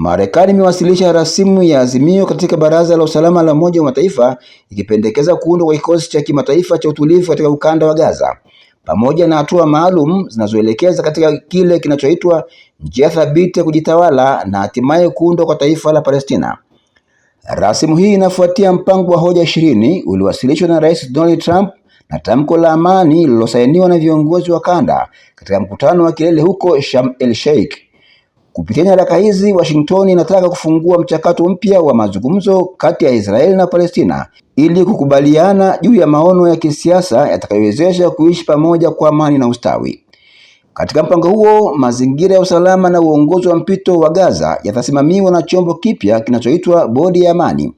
Marekani imewasilisha rasimu ya azimio katika Baraza la Usalama la Umoja wa Mataifa ikipendekeza kuundwa kwa kikosi cha kimataifa cha utulivu katika ukanda wa Gaza pamoja na hatua maalum zinazoelekeza katika kile kinachoitwa njia thabiti ya kujitawala na hatimaye kuundwa kwa taifa la Palestina. Rasimu hii inafuatia mpango wa hoja ishirini uliowasilishwa na Rais Donald Trump na tamko la amani lililosainiwa na viongozi wa kanda katika mkutano wa kilele huko Sharm el Sheikh. Kupitia nyaraka hizi, Washington inataka kufungua mchakato mpya wa mazungumzo kati ya Israeli na Palestina ili kukubaliana juu ya maono ya kisiasa yatakayowezesha kuishi pamoja kwa amani na ustawi. Katika mpango huo, mazingira ya usalama na uongozi wa mpito wa Gaza yatasimamiwa na chombo kipya kinachoitwa Bodi ya Amani,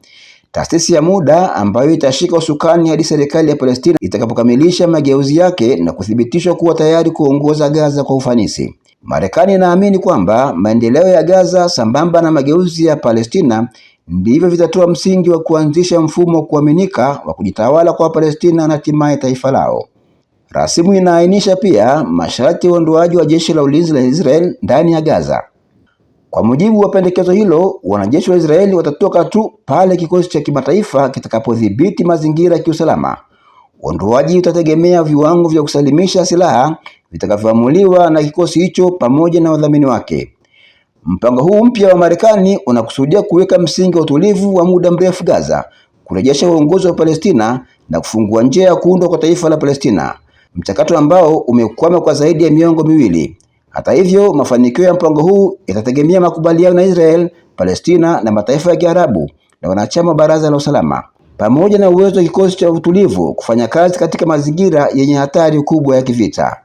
taasisi ya muda ambayo itashika usukani hadi serikali ya Palestina itakapokamilisha mageuzi yake na kuthibitishwa kuwa tayari kuongoza Gaza kwa ufanisi. Marekani inaamini kwamba maendeleo ya Gaza sambamba na mageuzi ya Palestina ndivyo vitatoa msingi wa kuanzisha mfumo wa kuaminika wa kujitawala kwa Palestina na hatimaye taifa lao. Rasimu inaainisha pia masharti ya uondoaji wa jeshi la ulinzi la Israel ndani ya Gaza. Kwa mujibu wa pendekezo hilo, wanajeshi wa Israeli watatoka tu pale kikosi cha kimataifa kitakapodhibiti mazingira ya kiusalama. Uondoaji utategemea viwango vya kusalimisha silaha vitakavyoamuliwa na kikosi hicho pamoja na wadhamini wake. Mpango huu mpya wa Marekani unakusudia kuweka msingi wa utulivu wa muda mrefu Gaza, kurejesha uongozi wa Palestina na kufungua njia ya kuundwa kwa taifa la Palestina, mchakato ambao umekwama kwa zaidi ya miongo miwili. Hata hivyo, mafanikio ya mpango huu yatategemea makubaliano na Israel, Palestina na mataifa ya Kiarabu na wanachama wa Baraza la Usalama pamoja na uwezo wa kikosi cha utulivu kufanya kazi katika mazingira yenye hatari kubwa ya kivita.